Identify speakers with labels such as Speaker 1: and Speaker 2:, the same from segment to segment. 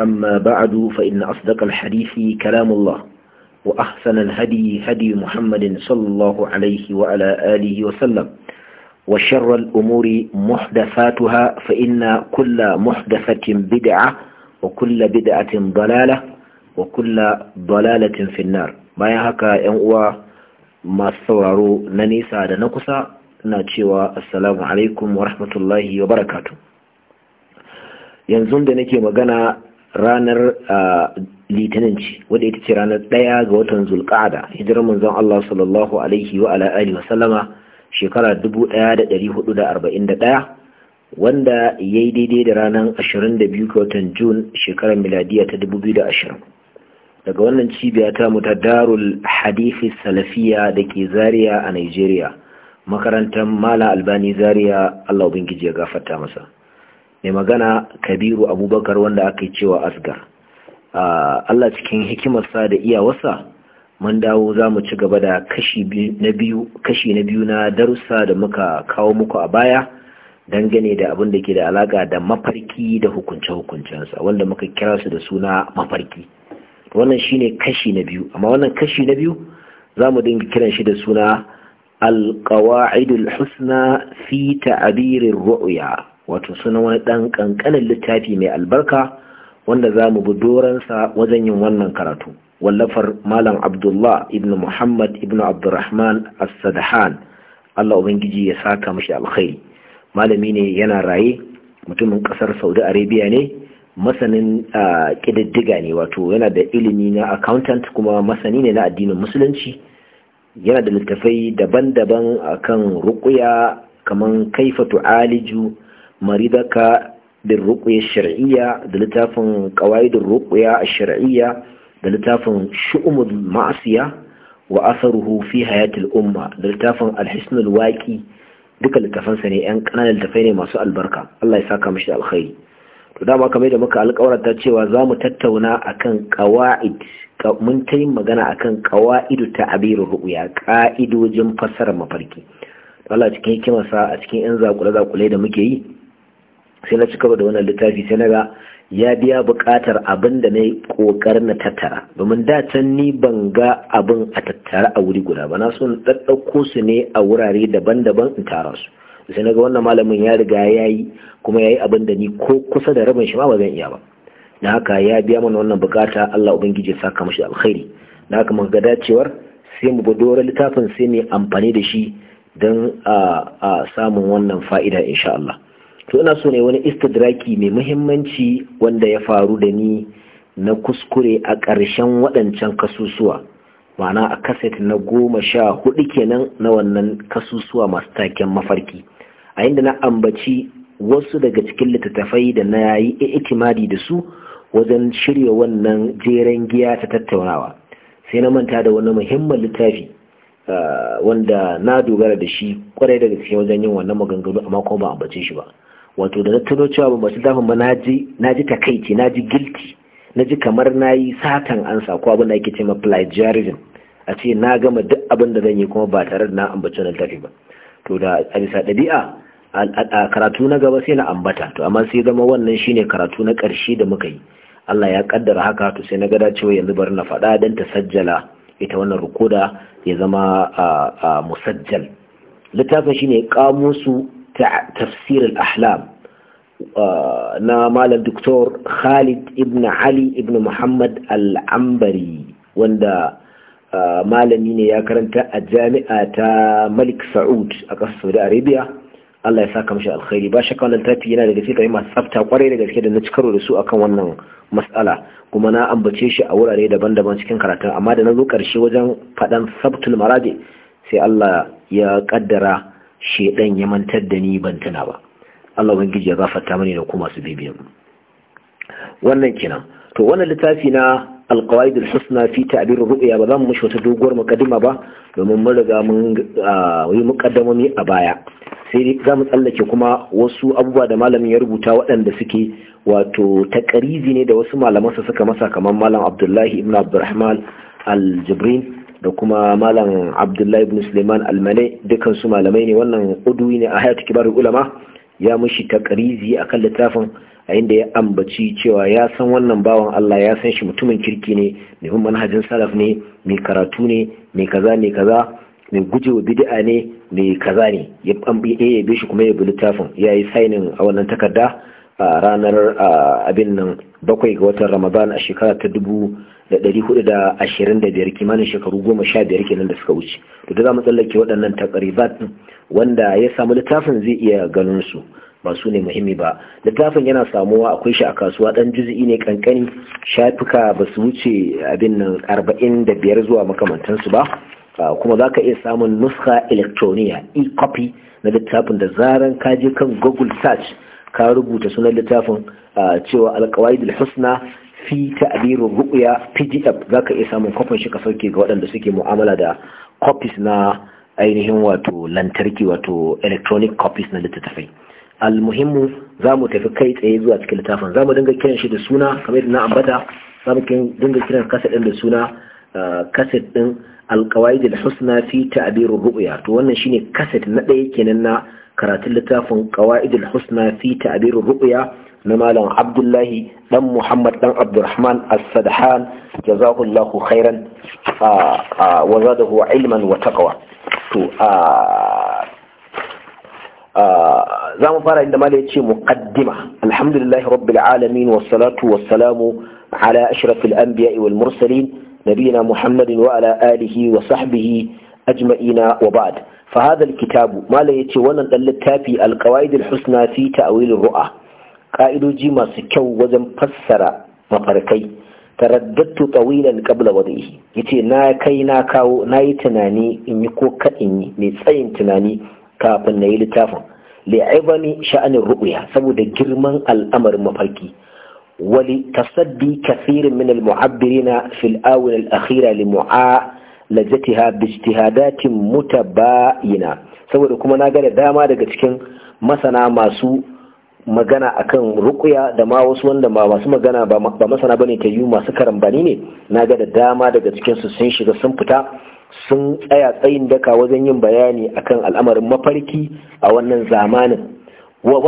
Speaker 1: أما بعد فإن أصدق الحديث كلام الله وأحسن الهدي هدي محمد صلى الله عليه وعلى آله وسلم وشر الأمور محدثاتها فإن كل محدثة بدعة وكل بدعة ضلالة وكل ضلالة في النار ما haka ‘yan uwa masu sauraro na نقصى da السلام عليكم ورحمة الله وبركاته ينزون wa مغانا ranar litinin ce wadda ita ce ranar daya ga watan zulƙada hijirar manzon Allah sallallahu alaihi wa ala alihi wasallama shekara 1441 wanda ya yi daidai da ranar 22 ga watan jun shekarar miladiya ta 2020 daga wannan cibiya ta muta darul hadithi salafiya da ke zariya a nigeria makarantar mala albani zariya allah ubangiji ya gafarta masa mai magana kabiru abubakar wanda aka yi cewa asgar Allah cikin hikimarsa da iyawarsa mun dawo za mu ci gaba da kashi na biyu na darussa da muka kawo muku a baya dangane da abin da ke da alaka da mafarki da hukunce-hukuncensa wanda muka kira su da suna mafarki wannan shi ne kashi na biyu amma wannan kashi na biyu za mu dinga kiran shi da suna alkawa'idul husna fi ta'abirin ru'ya wato sunan wani ɗan ƙanƙanin littafi mai albarka wanda za mu bi doransa wajen yin wannan karatu wallafar malam abdullah ibn muhammad ibn abdurrahman as-sadahan allah ubangiji ya saka mashi alkhairi malami ne yana raye mutumin ƙasar saudi arabia ne masanin ƙididdiga ne wato yana da ilimi na accountant kuma masani ne na addinin musulunci yana da littafai daban-daban akan ruƙuya kamar Kaifatu Aliju. maridaka da ruqya shar'iyya da littafin qawaidir a shar'iyya da littafin shu'umul ma'asiya wa asaruhu fi umma da littafin alhisnul waqi duka littafansa ne yan kananan littafai ne masu albarka Allah ya saka mishi da alkhairi to dama kamar yadda muka ta cewa za mu tattauna akan qawaid mun ta yin magana akan qawaidu ta abiru ru'ya ka'idojin fassarar mafarki Allah cikin hikimarsa a cikin yan zakule zakule da muke yi sai na cika da wannan littafi sai na ga ya biya buƙatar abin da na yi ƙoƙarin na tattara domin da can ni ban ga abin a tattara a wuri guda ba na so na ɗaɗɗauko su ne a wurare daban-daban in tara su sai na ga wannan malamin ya riga ya yi kuma ya yi abin da ni ko kusa da rabin shi ma ba zan iya ba na haka ya biya mana wannan buƙata Allah ubangiji ya saka mashi alkhairi na haka mun ga dacewar sai mu ga dora littafin sai mu amfani da shi don a ah, ah, samun wannan fa'ida insha Allah to ina so ne wani istidraki mai muhimmanci wanda ya faru da ni na kuskure a ƙarshen waɗancan kasusuwa ma'ana a kaset na goma sha hudu kenan na wannan kasusuwa masu taken mafarki a inda na ambaci wasu daga cikin littattafai da na yi itimadi da su wajen shirya wannan jeren giya ta tattaunawa sai na manta da wani muhimmin littafi ah, wanda na dogara da shi kwarai daga cikin wajen yin wannan maganganu amma kuma ba ambace shi ba wato da na cewa ba baci zafin ba na ji takaici na ji gilti na ji kamar na yi satan ansa ko abin da ake ce ma plagiarism a ce na gama duk abin da zan yi kuma ba tare da na ambaci wani tafi ba to da a bisa ɗabi'a a karatu na gaba sai na ambata to amma sai zama wannan shine karatu na ƙarshe da muka yi Allah ya kaddara haka to sai na gada cewa yanzu bari na faɗa dan ta sajjala ita wannan rukuda ya zama a musajjal littafin shine kamusu tafsir al uh, na malam doktor Khalid ibn Ali ibn Muhammad al wanda uh, malami ne ya karanta a jami'a ta Malik Saud a ƙasar Saudi Arabia Allah ya saka mashi alkhairi ba shakka wannan tafi yana da gaske kai masu tsafta kwarai da gaske da na cikaro da su akan wannan mas'ala kuma na ambace shi a wurare daban-daban cikin karatu amma da na zo ƙarshe wajen faɗan sabtul maradi sai Allah ya kaddara shedan ya mantar da ni ban tuna ba Allah ubangiji ya gafarta mani da kuma su bibiya. wannan kenan to wannan littafi na alqawaid al-husna fi ta'bir ar-ru'ya ba zan mushi wata doguwar mukaddima ba domin mun riga mun ah, yi mukaddamomi a baya sai za mu tsallake kuma wasu abubuwa da malamin ya rubuta waɗanda suke wato takarizi ne da wasu malamansa suka masa kamar malam Abdullahi ibn Abdurrahman al-Jibrin da kuma malam abdullahi ibn suleiman almane dukkan su malamai ne wannan uduwi ne a hayatu kibar ulama ya mushi takarizi akan littafin a inda ya ambaci cewa ya san wannan bawan Allah ya san shi mutumin kirki ne mai bin manhajin salaf ne mai karatu ne mai kaza mai kaza mai gujewa bid'a ne mai kaza ne ya ya bi shi kuma ya bi littafin ya yi sainin a wannan takarda a ranar abin nan bakwai ga watan ramadan a shekara ta dubu da ɗari hudu da ashirin da biyar kimanin shekaru goma sha biyar kenan da suka wuce to da za mu tsallake waɗannan takaribat wanda ya samu littafin zai iya ganin su ba su ne muhimmi ba littafin yana samuwa akwai shi a kasuwa Ɗan juzi'i ne kankani shafuka ba su wuce abin nan arba'in da biyar zuwa makamantansu ba ah, kuma za ka iya samun nuska electroniya e-copy na littafin da zaran ka je kan google search ka rubuta sunan littafin ah, cewa alkawaidul husna fi ta'biru ru'ya pdf zaka iya samun kofin shi ka sauke ga waɗanda suke mu'amala da copies na ainihin wato lantarki wato electronic copies na littattafai almuhimmu za mu tafi kai tsaye zuwa cikin littafin za mu dinga kiran shi da suna kamar yadda na ambata za mu dinga kiran kaset ɗin da suna kaset uh, ɗin da husna fi ta'biru ru'ya to wannan shine kaset na ɗaya kenan na karatun littafin da husna fi ta'biru ru'ya نمالا عبد الله دم محمد دم عبد الرحمن السدحان جزاه الله خيرا وزاده علما وتقوى زام فارا عندما ليتشي مقدمة الحمد لله رب العالمين والصلاة والسلام على أشرف الأنبياء والمرسلين نبينا محمد وعلى آله وصحبه أجمعين وبعد فهذا الكتاب ما ليتشي ونن في القوائد الحسنى في تأويل الرؤى ka'idoji masu kyau wajen fassara mafarkai taraddatu tawilan qabla wadihi yace na kai na kawo na yi tunani in yi ko kadin yi mai tsayin tunani kafin na yi littafin li'ibani sha'anin ru'ya saboda girman al'amarin mafarki Wali min al-mucemma ولتصدي كثير من المعبرين akhira li lajatiha bi باجتهادات متباينة saboda kuma na gada dama daga cikin masana masu magana akan rukuya da ma wasu wanda ba masu magana ba masana bane ta yi masu karambani ne na ga da dama daga cikinsu sun shiga sun fita sun tsaya tsayin daka wajen yin bayani akan al'amarin mafarki a wannan zamanin wa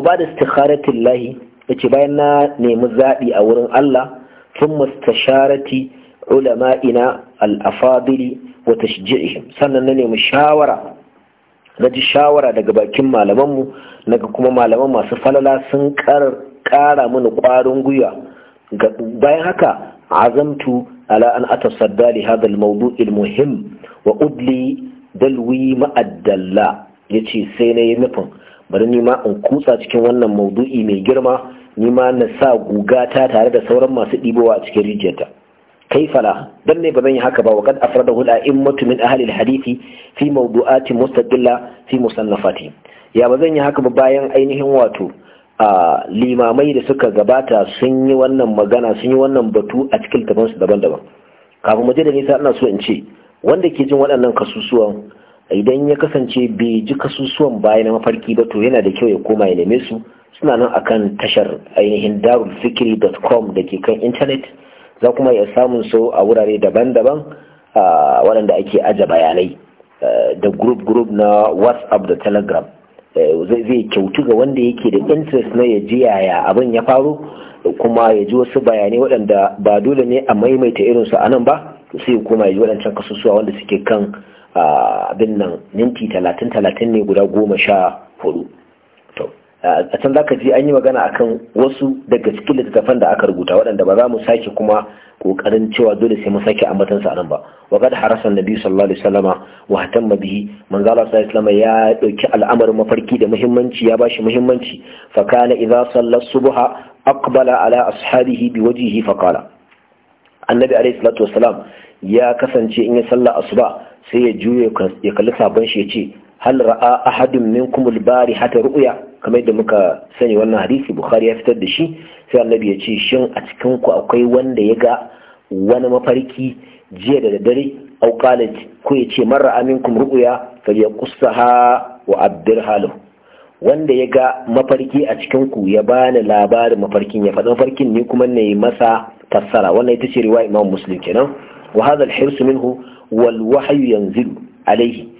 Speaker 1: ba da istikharatin lahi yace bayan na nemi zaɓi a wurin Allah sun mustasharati ulama'ina al-afadili wa tashji'ihim sannan na nemi shawara na ji shawara daga bakin malamanmu naga kuma malaman masu falala sun ƙara mini kwarin gwiwa bayan haka azamtu ala an atasadda li hadha al-mawdu' muhim wa udli dalwi ma'addalla yace sai na yi nufin bari ni ma in kutsa cikin wannan maudu'i mai girma ni ma na sa gugata tare da sauran masu ɗibowa a cikin rijiyarta كيف لا دم بمن هكذا وقد أفرده الأئمة من أهل الحديث في موضوعات مستدلة في مصنفاتهم يا بزن هكذا باين أينهم واتو a limamai da suka gabata sun yi wannan magana sun yi wannan batu a cikin tafansu daban-daban kafin mu je da nisa ina so in ce wanda ke jin waɗannan kasusuwan idan ya kasance bai ji kasusuwan baya na mafarki ba to yana da kyau ya koma ya neme su suna nan akan tashar ainihin darulfikiri.com da ke kan intanet za kuma iya samun su a wurare daban-daban waɗanda ake aje bayanai da group-group na whatsapp da telegram zai kyautu ga wanda yake da interest na ya ji yaya abin ya faru kuma ya ji wasu bayanai waɗanda ba dole ne a maimaita irinsu a nan ba sai kuma ya ji waɗancan kasusuwa wanda suke kan abin nan minti talatin talatin ne guda goma sha hudu a can zaka ji an yi magana akan wasu daga cikin littattafan da aka rubuta waɗanda ba za mu sake kuma kokarin cewa dole sai mu sake ambatan sa anan ba wa kad harasan nabi sallallahu alaihi wasallama wa hatamma bihi manzo Allah sallallahu alaihi ya dauki al'amarin mafarki da muhimmanci ya bashi muhimmanci fa kana idza salla subha aqbala ala ashabihi biwajhihi fa qala annabi alaihi salatu wasalam ya kasance in ya salla asuba sai ya juye ya kalli sabon shi ya ce hal ra'a ahadun minkum al-bari hatta ru'ya kamar yadda muka sani wannan hadisi bukhari ya fitar da shi sai annabi ya ce shin a cikin ku akwai wanda ya ga wani mafarki jiya da daddare au qalat ko ya ce marra aminkum ru'ya falyaqussaha wa abdir halu wanda ya ga mafarki a cikin ku ya bani labarin mafarkin ya faɗa mafarkin ne kuma ne masa fassara wannan ita ce riwaya imam muslim kenan wa hadha al-hirs minhu wal wahyu yanzilu alayhi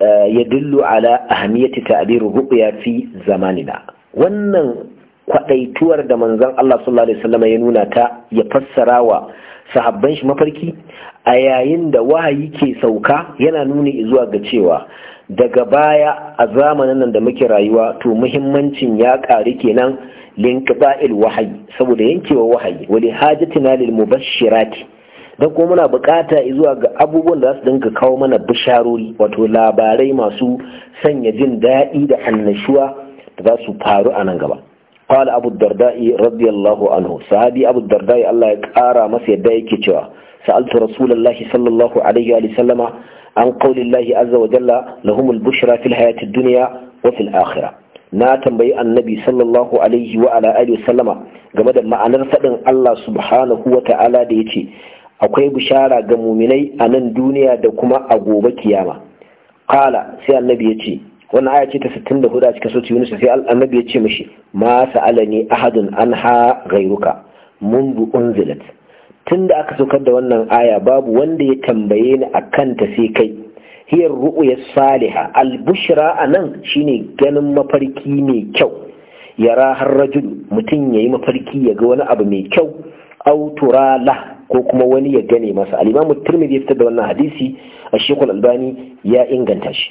Speaker 1: Ya dillu ala ahamiyati ta'bir ya fi zamanina wannan kwadaituwar da manzon Allah sallallahu alaihi wasallam ya nuna ta ya fassara wa sahabban shi mafarki a yayin da wahayi ke sauka yana nuni zuwa ga cewa daga baya a zamanin nan da muke rayuwa to muhimmancin ya ƙare kenan linkaba'il wahayi saboda yankewa wahayi wali hajatina lil mubashshirati don kuma muna bukata zuwa ga abubuwan da za su dinka kawo mana bisharori wato labarai masu sanya jin daɗi da annashuwa da za su faru a nan gaba. kwali abu radiyallahu anhu sa'adi abu dardai Allah ya kara masa yadda yake cewa sa'altu rasulallah sallallahu alaihi wa sallama an kawulillahi azza wa jalla na humul bushira fil duniya wa fil akhira na tambayi annabi sallallahu alaihi game da ma'anar faɗin Allah subhanahu wa da ya ce akwai bishara ga muminai a nan duniya da kuma a gobe kiyama kala sai annabi ya ce wannan aya ce ta 64 a cikin sauti Yunus sai annabi ya ce mishi ma ne ahadun anha ghayruka mundu unzilat tunda aka saukar da wannan aya babu wanda ya tambaye ni a kanta sai kai hiyar ru'ya saliha al a anan shine ganin mafarki mai kyau yara har rajul mutum ya yi mafarki ya ga wani abu mai kyau auturala ko kuma wani ya gane masa alimamu turmi tirmidhi ya fitar da wannan hadisi a shekul albani ya inganta shi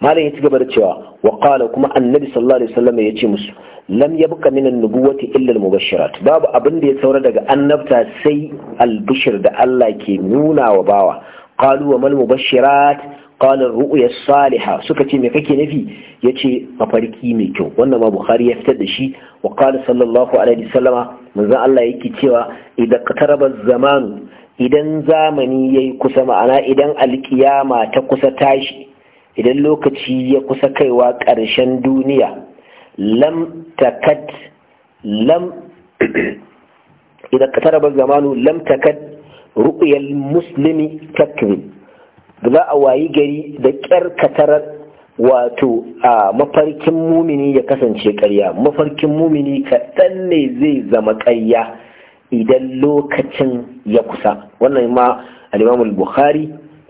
Speaker 1: malam ya ci gaba da cewa wa qala kuma annabi sallallahu alaihi wasallam ya ce musu lam yabqa minan an-nubuwati illa al-mubashirat babu abin da ya saura daga annabta sai al-bushir da Allah ke nuna wa bawa qalu wa mal mubashirat qala ru'ya Saliha suka ce "Mai kake nufi yace mafarki mai kyau wannan ma Buhari ya fita da shi wa qala sallallahu alaihi wasallama manzon Allah yake cewa idan qataraba zamanu idan zamani yayi kusa ma'ana idan alkiyama ta kusa tashi idan lokaci ya kusa kaiwa ƙarshen duniya lam takad lam idan qataraba zamanu lam takad ru'yal muslimi da za a wayi gari da ƙyar katarar wato a mafarkin mumini ya kasance ƙarya mafarkin mumini kaɗan ne zai zama ƙarya idan lokacin ya kusa wannan ma al bukhari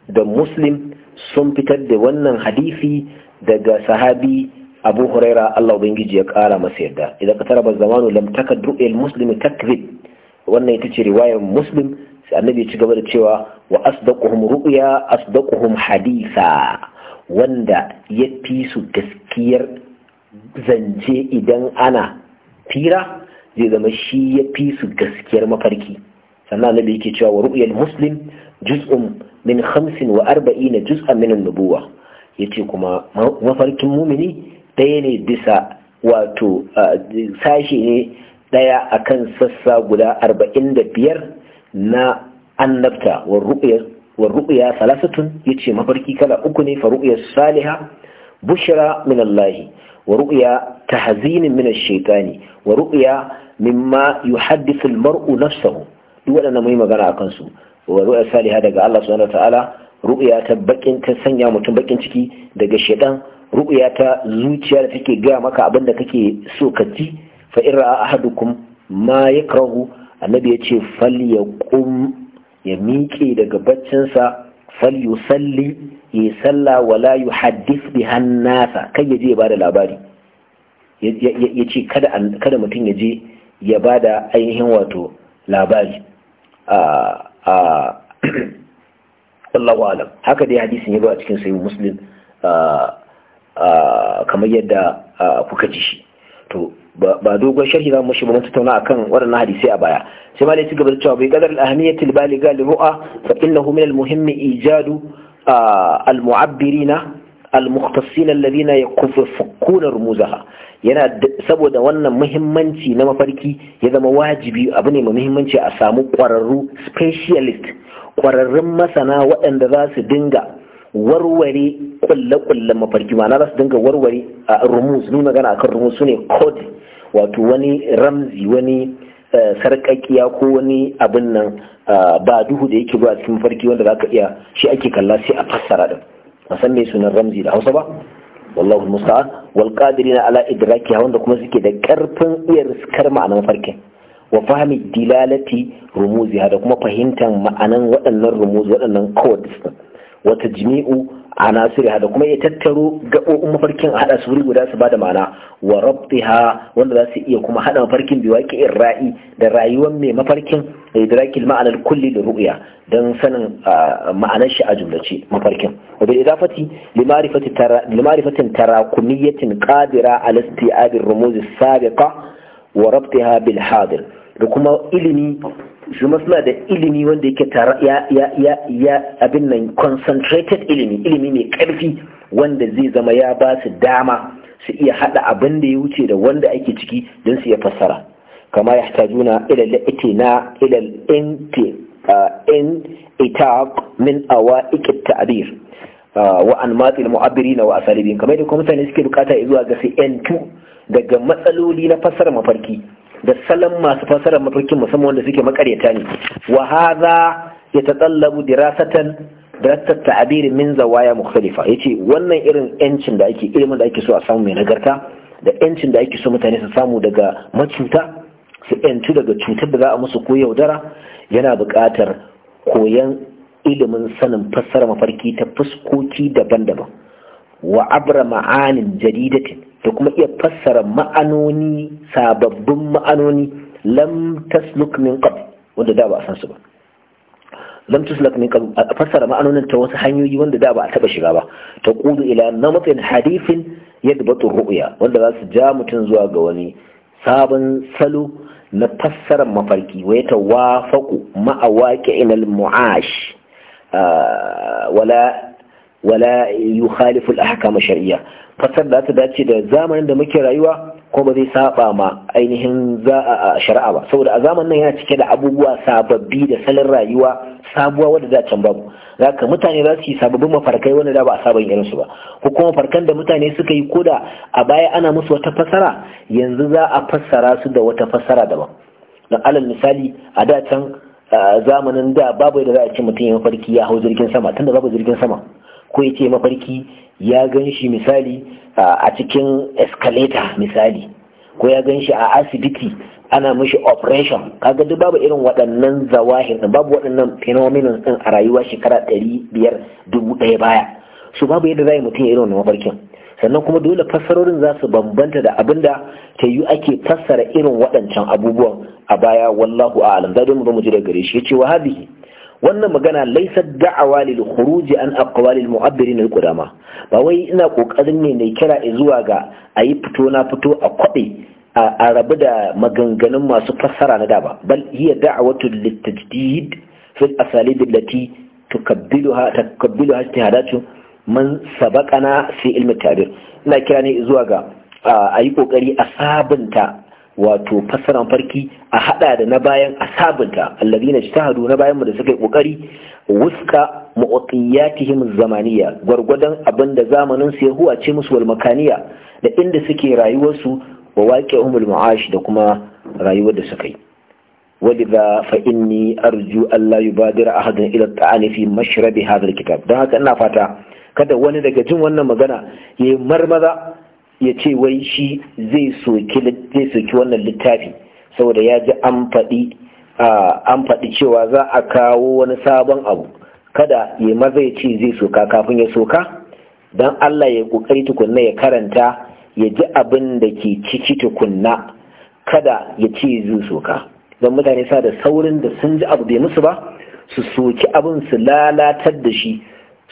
Speaker 1: da muslim sun fitar da wannan hadisi daga sahabi abu huraira allah ubangiji ya ƙara masa yadda. idan ka tara zamanu lamtaka du'il muslim takzib wannan ita ce riwayar muslim sai annabi ya ci gaba da cewa wa asdaquhum ru'ya asdaquhum haditha wanda ya fi su gaskiyar zance idan ana fira zai zama shi ya fi su gaskiyar mafarki sannan annabi yake cewa wa ru'yal muslim juz'un min 45 juz'an min an-nubuwa yace kuma mafarkin mumini ɗaya ne bisa wato sashe ne ɗaya akan sassa guda 45 na annabta wa ru'ya salasatun yace mafarki kala uku ne fa ru'ya saliha bushira min Allah wa ru'ya tahzin min ash wa ru'ya mimma yuhaddithu al-mar'u nafsahu duk wadannan mai magana a kansu. wa ru'ya saliha daga Allah subhanahu wa ta'ala ru'ya ta bakin ta sanya mutum bakin ciki daga shaytan ru'ya ta zuciya da take ga maka abin da kake so ka ji fa in ra'a ahadukum ma yakrahu annabi ya ce fal ya miƙe daga baccinsa fal ya salli ya salla wala yu hadis bi hannasa kan ya je ya bada labari ya ce kada mutum ya je ya bada ainihin wato labari Allahu alam haka dai hadisin ya ba a cikin sayi muslim kamar yadda kuka ji shi to ba dogon sharhi za mu shi mun tattauna akan waɗannan hadisi a baya sai malai ci gaba da cewa bai qadar al-ahmiyati al-baligha li ru'a fa innahu min al-muhim ijadu al-mu'abbirina al-mukhtassin alladhina yakufuna rumuzaha yana saboda wannan muhimmanci na mafarki ya zama wajibi abu ne mai muhimmanci a samu kwararru specialist kwararrun masana waɗanda za su dinga warware kulle kulle mafarki ma na za su dinga warware a rumus nuna gana akan rumuz su ne code wato wani ramzi wani eh, sarkakiya ko wani abin nan eh, ba duhu da yake zuwa cikin farki wanda zaka iya shi ake kalla sai a fassara ɗin san mai sunan ramzi da Hausa ba wallahu musta'an wal qadirina ala idraki wanda kuma suke da ƙarfin iya riskar ma'anan farkin wa fahmi dilalati rumuzi da kuma fahimtar ma'anan waɗannan rumuzi waɗannan codes wata jimi'u a nasiriha da kuma ya tattaro gaɓoɓin mafarkin a haɗa su wuri guda su ba da ma'ana wa rabtiha wanda za su iya kuma haɗa mafarkin bi waƙi ra'i da rayuwar mai mafarkin da idrakil ma'anar kulli da ru'ya don sanin ma'anar shi a jumlace mafarkin wa bil idafati limarifatin tarakumiyyatin qadira ala isti'abir rumuz sabiqa wa rabtiha bil hadir da kuma ilimi su suna da ilimi wanda yake tara ya ya, ya, ya abin nan concentrated ilimi ilimi mai karfi wanda zai zama ya ba su dama su iya hada abin da ya wuce da wanda ake ciki don su ya fassara kama ya tajuna ilal itina ilal inti uh, in itaq min awaiq at-ta'bir uh, wa anmat al-mu'abbirin wa asalibin kamar da kuma mutane suke bukata zuwa ga sai daga matsaloli na fassara mafarki da salon masu fasarar mafarkin musamman wanda suke makaryata ne wa ya tsallabu dirasatan darattar ta'abiri min zawaya mukhtalifa yace wannan irin yancin da ake ilimin da ake so a samu mai nagarta da yancin da ake so mutane su samu daga macuta su yantu daga cutar da za a musu ko yaudara yana buƙatar koyan ilimin sanin fassara mafarki ta fuskoki daban-daban wa abra ma'anin jadidatin da kuma iya fassara ma'anoni sababbin ma'anoni lam tasluk min qab wanda da ba a san su ba lam tasluk min qab a fassara ma'anonin ta wasu hanyoyi wanda da ba a taba shiga ba ta qulu ila namatin hadithin yadbatu ru'ya wanda za su ja mutum zuwa ga wani sabon salo na fassara mafarki wa ta wafaqu ma'awaqi'il muash ah, wala wala yukhalifu al-ahkam shar'iyya fasar da ta dace da zamanin da muke rayuwa ko ba zai saba ma ainihin za a shari'a ba saboda a zamanin nan yana cike da abubuwa sababbi da salon rayuwa sabuwa wanda da can babu zaka mutane za su yi sababbin mafarkai wanda da ba a saba irin su ba ko kuma farkan da mutane suka yi koda a baya ana musu wata fasara yanzu za a fassara su da wata fasara daban dan alal misali a da can zamanin da babu yadda za a ce mutum ya mafarki ya hau jirgin sama tunda babu jirgin sama ko ya ce mafarki ya gan shi misali a cikin escalator misali ko ya gan shi a asibiti ana mushi operation kaga duk babu irin waɗannan zawahir babu waɗannan phenomenon ɗin a rayuwa shekara ɗari biyar dubu ɗaya baya su babu yadda za mutum irin wannan mafarkin sannan kuma dole fassarorin za su bambanta da abin da ta yi ake fassara irin waɗancan abubuwan a baya wallahu a'lam za mu zo mu ji daga gare shi ya ce wa hadihi wannan magana laisar da'awa lil khuruji an aqwalil mu'abbirin al qudama ba wai ina kokarin ne mai kira zuwa ga ayi fito na fito a kwabe a rabu da maganganun masu fassara na da ba bal hiya da'awatu lit tajdid fi al asalib allati tukabbiluha tukabbiluha ijtihadatu man sabaqana fi ilmi tabir ina kira ne zuwa ga ayi kokari a sabunta wato fassaran farki a hada da na bayan a sabunta ta ijtahadu na bayan mu da suka yi kokari wuska mu'tiyatihim zamaniya gwargwadon abin da zamanin su ya huwace musu wal makaniya da inda suke rayuwarsu wa waqi'umul mu'ash da kuma rayuwar da suka yi ولذا فإني أرجو ألا يبادر أحد إلى الطعن في مشرب هذا الكتاب ده haka ina fata kada wani daga jin wannan magana ya marmaza ya ce wai shi zai soki wannan littafi saboda ya ji an faɗi cewa za a kawo wani sabon abu kada ya maza ya ce zai soka kafin ya soka don Allah ya ƙoƙari tukunna ya karanta ya ji abin da ke ciki tukunna kada ya ce zai soka don mutane sa da saurin da sun ji abu bai musu ba su soki abin su lalatar da shi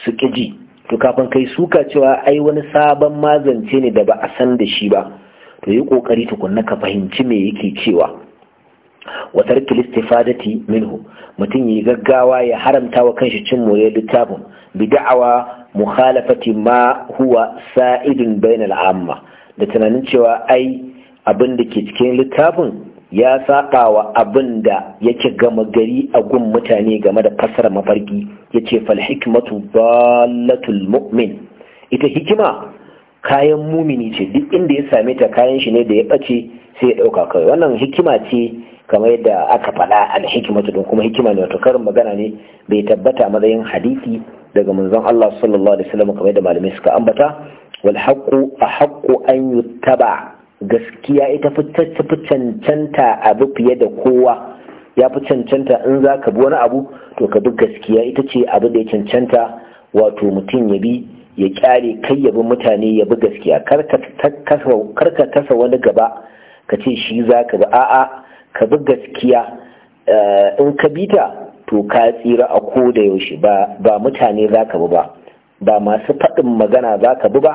Speaker 1: su ƙi ji to kafin kai suka cewa ai wani sabon mazance ne da ba a san da shi ba to yi kokari tukunna ka fahimci me yake cewa wa kilistifadati minhu mutum yi gaggawa ya haramta wa kanshi cin moye littafin bi da'awa mukhalafati ma huwa sa'idun bainal amma da tunanin cewa ai abin da ke cikin littafin ya saƙa wa abin da yake gama gari a gun mutane game da fasar mafarki ya ce falhikmatu ballatul mu'min ita hikima kayan mumini ce duk inda ya same ta kayan shi ne da ya ɓace sai ya ɗauka kai wannan hikima ce kamar yadda aka faɗa alhikimatu don kuma hikima ne wato karin magana ne bai tabbata matsayin hadisi daga manzon Allah sallallahu alaihi wasallam kamar yadda malamai suka ambata wal haqqu ahqqu an yuttaba gaskiya ita fi cancanta abu fiye da kowa ya fi cancanta in za ka bi wani abu to ka bi gaskiya ita ce abu da ya cancanta wato mutum ya bi ya kyale kai ya bi mutane ya bi gaskiya kar ka tasa wani gaba ka ce shi za ka bi a'a ka bi gaskiya eh, in ka bi ta to ka tsira a ko da yaushe ba mutane za ka bi ba ba masu faɗin magana za ka bi ba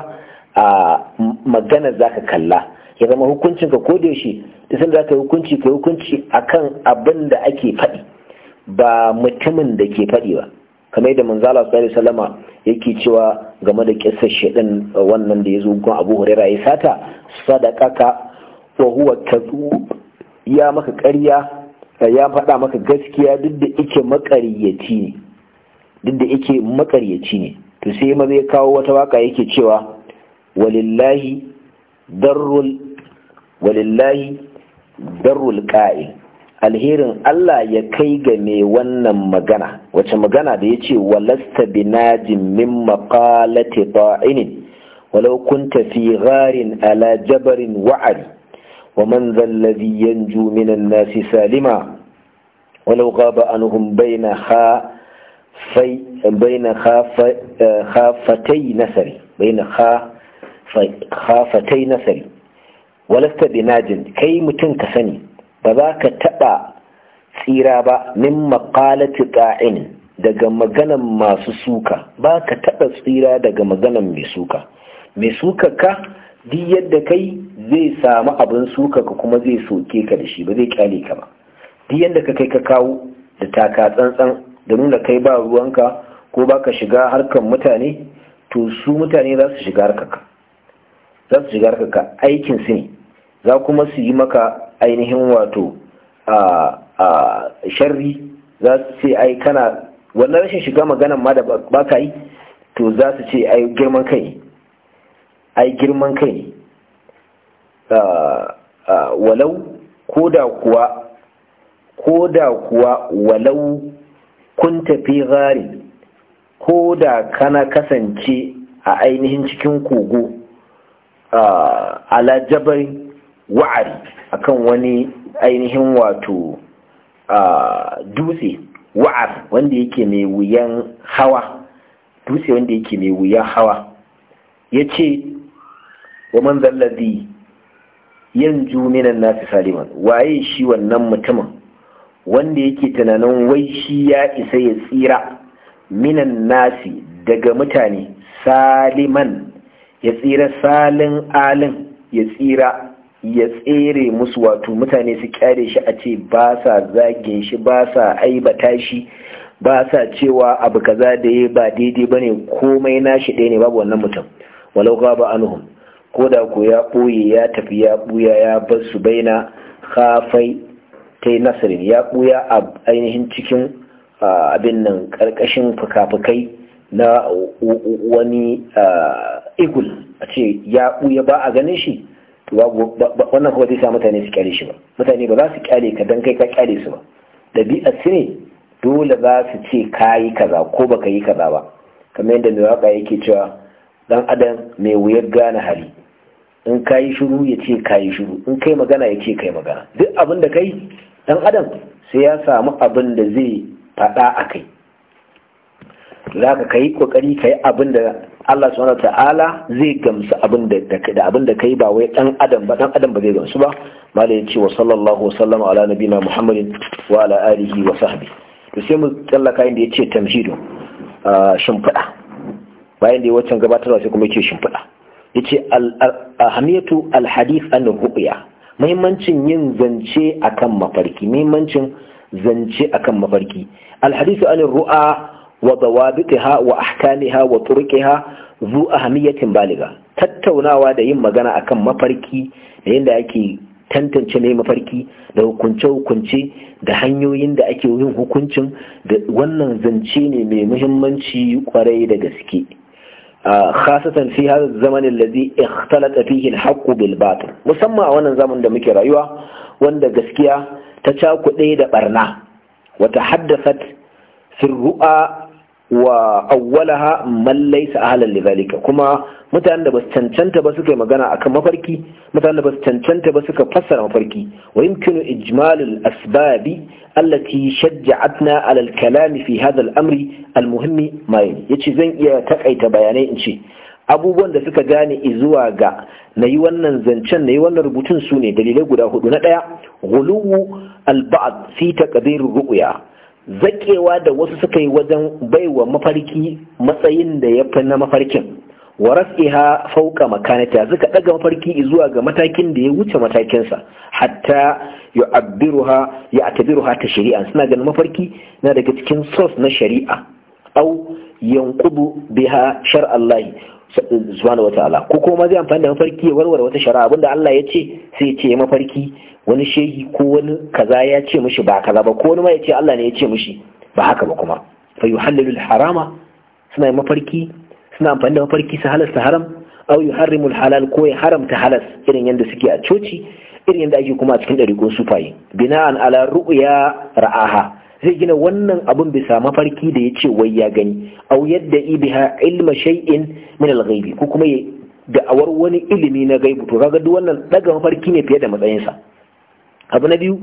Speaker 1: a ah, magana za ka kalla ya zama hukuncin ka ko da yaushe da sanda ka hukunci ka hukunci akan abin da ake faɗi ba mutumin da ke faɗi ba kamar yadda manzala sallallahu alaihi wasallama yake cewa game da kissa shedan wannan da yazo zo gun Abu Hurairah ya sata ka wa huwa kadhub ya maka ƙarya ya faɗa maka gaskiya duk da yake maƙaryaci ne duk da yake maƙaryaci ne to sai maza ya kawo wata waka yake cewa walillahi darul walillahi darul ƙa'il alherin Allah ya kai ga mai wannan magana wace magana da ya ce walasta binajin min maqalati ta'inin walau kunta fi gharin ala jabarin wa'ad wa man zallazi yanju minan nasi salima walau gaba anhum bayna kha fai bayna eh, nasari bayna kha khafatai nasari walasta binajin kai mutum ka sani ba za ka taɓa tsira ba min makalati ƙa'in daga maganan masu suka ba ka taɓa tsira daga maganan mai suka mai suka ka duk yadda kai zai samu abin suka ka kuma zai soke ka da shi ba zai kyale ka ba duk yadda ka kai ka kawo da taka tsantsan da nuna kai ba ruwanka ko ba ka shiga harkar mutane to su mutane za su shiga harkar za su shiga ka aikin su ne za kuma su yi maka ainihin wato a a sharri za su ce ai kana wannan rashin shiga maganan ma da ba ka yi to za su ce ai girman kai ai girman kai ne walau ko da kuwa ko da kuwa walau kun tafi gari ko da kana kasance a ainihin cikin kogo ala jabal wa'ari akan wani ainihin wato dutse wa'ar wanda yake mai wuyan hawa dutse wanda yake mai wuyan hawa ya ce wa man zalladi yan minan nasu saliman waye shi wannan mutumin wanda yake tunanin wai shi ya isa ya tsira minan nasi daga mutane saliman ya tsira salin alin ya tsira ya tsere musu wato mutane su kyare shi a ce ba sa zagin shi ba sa aibata shi ba sa cewa abu kaza da ya ba daidai bane komai nashi ɗaya ne babu wannan mutum walau ga ba anhum ko da ko ya ɓoye ya tafi ya ɓuya ya bar su baina kafai ta nasirin ya ɓuya a ainihin cikin abin nan ƙarƙashin fuka-fukai na wani igul a ce ya ɓuya ba a ganin shi wannan kuma zai sa mutane su kyale shi ba mutane ba za su kyale ka dan kai ka kyale su ba ɗabi'a su ne dole za su ce ka yi kaza ko ba ka yi kaza ba kamar yadda mai waka yake cewa dan adam mai wuyar gane hali in ka yi shuru ya ce ka yi shuru in kai magana ya ce kai magana duk abin da kai dan adam sai ya samu abin da zai faɗa a kai za ka kai kokari ka yi abin da Allah subhanahu ta'ala zai gamsu abin da da abin da kai ba wai dan adam ba dan adam ba zai gamsu ba malai ya ce wa sallallahu sallama ala nabina muhammadin wa ala alihi wa sahbi to sai mu tsallaka inda ya ce tamhidu shimfiɗa bayan da ya waccan gabatarwa sai kuma ya ce shimfiɗa ya ce ahamiyatu alhadith an ruqya muhimmancin yin zance akan mafarki muhimmancin zance akan mafarki alhadithu an ru'a wa zawabitiha wa ahkamiha wa turqiha zu ahamiyatin baliga tattaunawa da yin magana akan mafarki da yadda ake tantance mai mafarki da hukunce-hukunce da hanyoyin da ake yin hukuncin da wannan zance ne mai muhimmanci kwarai da gaske khasatan fi hadha zaman allazi ikhtalata fihi al-haqq bil batil musamman a wannan zaman da muke rayuwa wanda gaskiya ta cakuɗe da ɓarna, wata haddathat fi wa awwalaha man laysa ahlan zalika kuma mutanen da basu cancanta ba suka yi magana akan mafarki mutanen da basu cancanta ba suka fassara mafarki wa yumkinu ijmalul asbabi allati shajja'atna ala al-kalami fi hadha al-amri al-muhimmi ma yace zan iya takaita bayanai in ce abubuwan da suka gane zuwa ga nayi wannan zancen nayi wannan rubutun su ne dalilai guda hudu na ɗaya guluwu bad fi taqdir ru'ya zaƙewa da wasu suka yi wajen baiwa mafarki matsayin da ya fi na mafarkin wa rasiha fauka makanata suka ɗaga mafarki zuwa ga matakin da ya wuce matakinsa hatta yu'abbiruha ya'tabiruha ta shari'a suna ganin mafarki na daga cikin source na shari'a au yanqudu biha shar'allahi subhanahu wataala ko kuma zai amfani da mafarki ya warware wata shari'a abinda Allah ya ce sai ya ce ya mafarki wani shehi ko wani kaza ya ce mishi ba kaza ba ko wani ma ya ce Allah ne ya ce mishi ba haka ba kuma fa yuhallilu harama suna mafarki suna amfani da mafarki su halasta haram aw yuharrimu halal ko ya haramta halas irin yanda suke a coci irin yanda ake kuma a cikin dariƙun sufaye bina'an ala ru'ya ra'aha zai gina wannan abin bisa mafarki da ya ce wai ya gani au yadda ibiha ilma shay'in min al ko kuma ya da'awar wani ilimi na gaibu to kaga duk wannan daga mafarki ne fiye da matsayinsa abu na biyu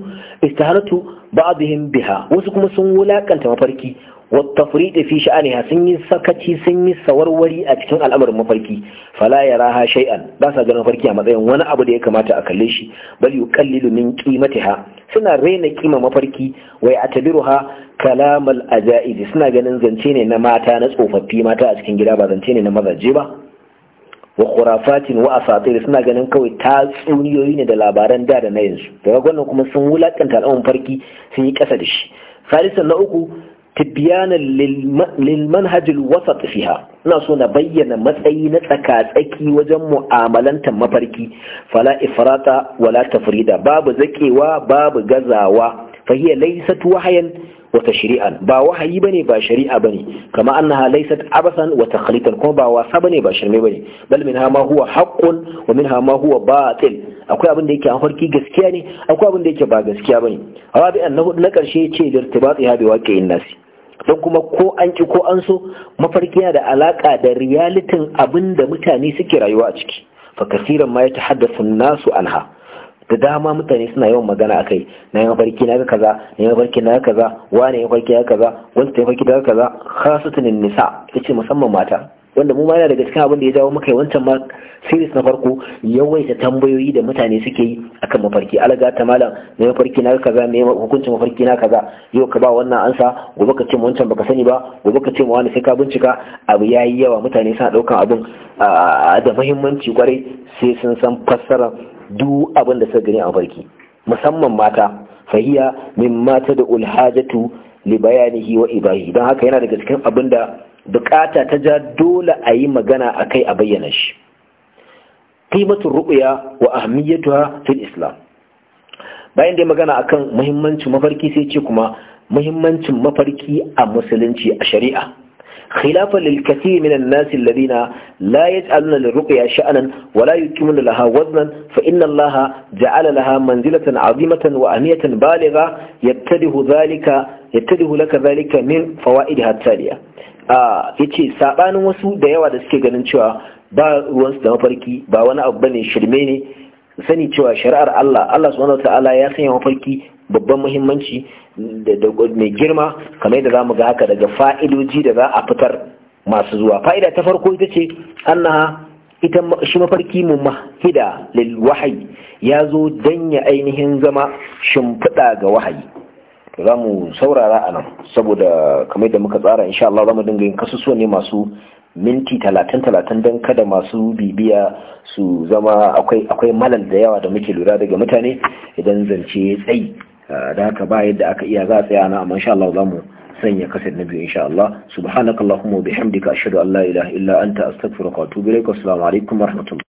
Speaker 1: istaharatu ba'dihim biha wasu kuma sun wulakanta mafarki والتفريط في شأنها سني سكتي سني سوروري أتكن الأمر مفركي فلا يراها شيئا بس أجل مفركي أما ذي وانا أبدا كما تأكلش بل يقلل من قيمتها سنة رين قيمة مفركي ويعتبرها كلام الأجائز سنة جنن زنتين نما تانس أوفبي ما تأتكن جلابا زنتين نما ذجيبا وخرافات وأساطير سنة جنن كوي تاسونيوين دا لابارن دا دا نيز فقالنا كما سنولا كنت الأمر مفركي سنيك أسدش ثالثا نأكو tibyana lil manhajil wasat fiha ina so na bayyana matsayi na tsaka-tsaki wajen mu'amalantar mafarki fala ifrata wala tafrida babu zakewa babu gazawa fa hiya laysat wahayan wa tashri'an ba wahayi bane ba shari'a bane kama annaha laysat abasan wa kuma ba wasa bane ba shirme bane bal minha ma huwa haqqun wa minha ma huwa batil akwai abin da yake an farki gaskiya ne akwai abin da yake ba gaskiya bane rabi'an na hudu na karshe ce da irtibati ha bi waqi'in nasi don kuma ko an ki ko an so mafarki yana da alaka da realitin abin da mutane suke rayuwa a ciki fa kasiran ma ya haddasa nasu anha da dama mutane suna yawan magana a kai na yi mafarki na kaza na yi mafarki na kaza wani ya mafarki na kaza wani ta mafarki na kaza khasatan nisa ita ce musamman mata wanda mu ma yana daga cikin abin da ya jawo muka wancan ma series na farko yawaita tambayoyi da mutane suke yi akan mafarki alaga ta malam me mafarki na kaza me hukuncin mafarki na kaza yau ka ba wannan ansa gobe ka ce mu wancan baka sani ba gobe ka ce mu wani sai ka bincika abu yayi yawa mutane suna daukan abin da muhimmanci kwarai sai sun san fassara duk abin da suka gani a mafarki musamman mata fahiya min mata da ulhajatu li bayanihi wa ibahi don haka yana daga cikin abin da bukata ta ja dole a yi magana a kai a bayyana shi qimatul ruuya wa ahammiyatuha fil islam bayan da magana akan muhimmancin mafarki sai ce kuma muhimmancin mafarki a musulunci a shari'a خلافا للكثير من الناس الذين لا يجعلون للرقية شأنا ولا يقيمون لها وزنا فإن الله جعل لها منزلة عظيمة وأهمية بالغة يتده ذلك يتده لك ذلك من فوائدها التالية ya ce saɓanin wasu da yawa da suke ganin cewa ba ruwansu da mafarki ba wani abu bane shirme ne sani cewa shari'ar Allah Allah subhanahu ta'ala ya sanya mafarki babban muhimmanci da mai girma kamar yadda zamu ga haka daga fa'idoji da za a fitar masu zuwa fa'ida ta farko ita ce annaha ita shi mafarki mu mahida lil wahayi ya zo danya ainihin zama shimfiɗa ga wahayi za mu saurara a nan saboda kamar da muka tsara insha Allah za mu dinga yin kasusuwa ne masu minti talatin talatin don kada masu bibiya su zama akwai akwai da yawa da muke lura daga mutane idan zance tsayi ah, da haka ba yadda aka iya za a tsaya na amma insha Allah za mu sanya kasar na biyu insha Allah subhanakallahumma kuma bihamdika ashhadu an la ilaha illa anta astaghfiruka wa atubu ilaik assalamu alaikum warahmatullahi